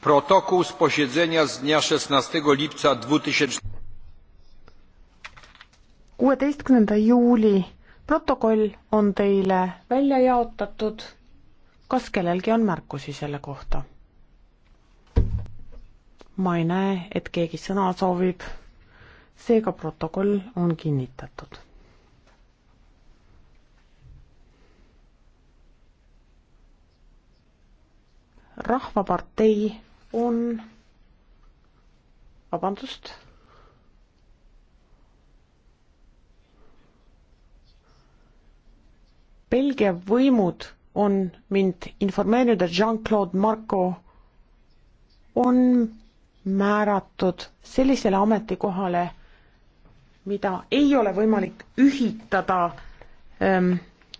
Protokół z posiedzenia z dnia 16 lipca 2000 kuueteistkümnenda juuli protokoll on teile välja jaotatud. kas kellelgi on märkusi selle kohta? ma ei näe, et keegi sõna soovib. seega protokoll on kinnitatud. rahvapartei on, vabandust. Belgia võimud on mind informeerinud, et Jean-Claude Marco on määratud sellisele ametikohale, mida ei ole võimalik ühitada ähm,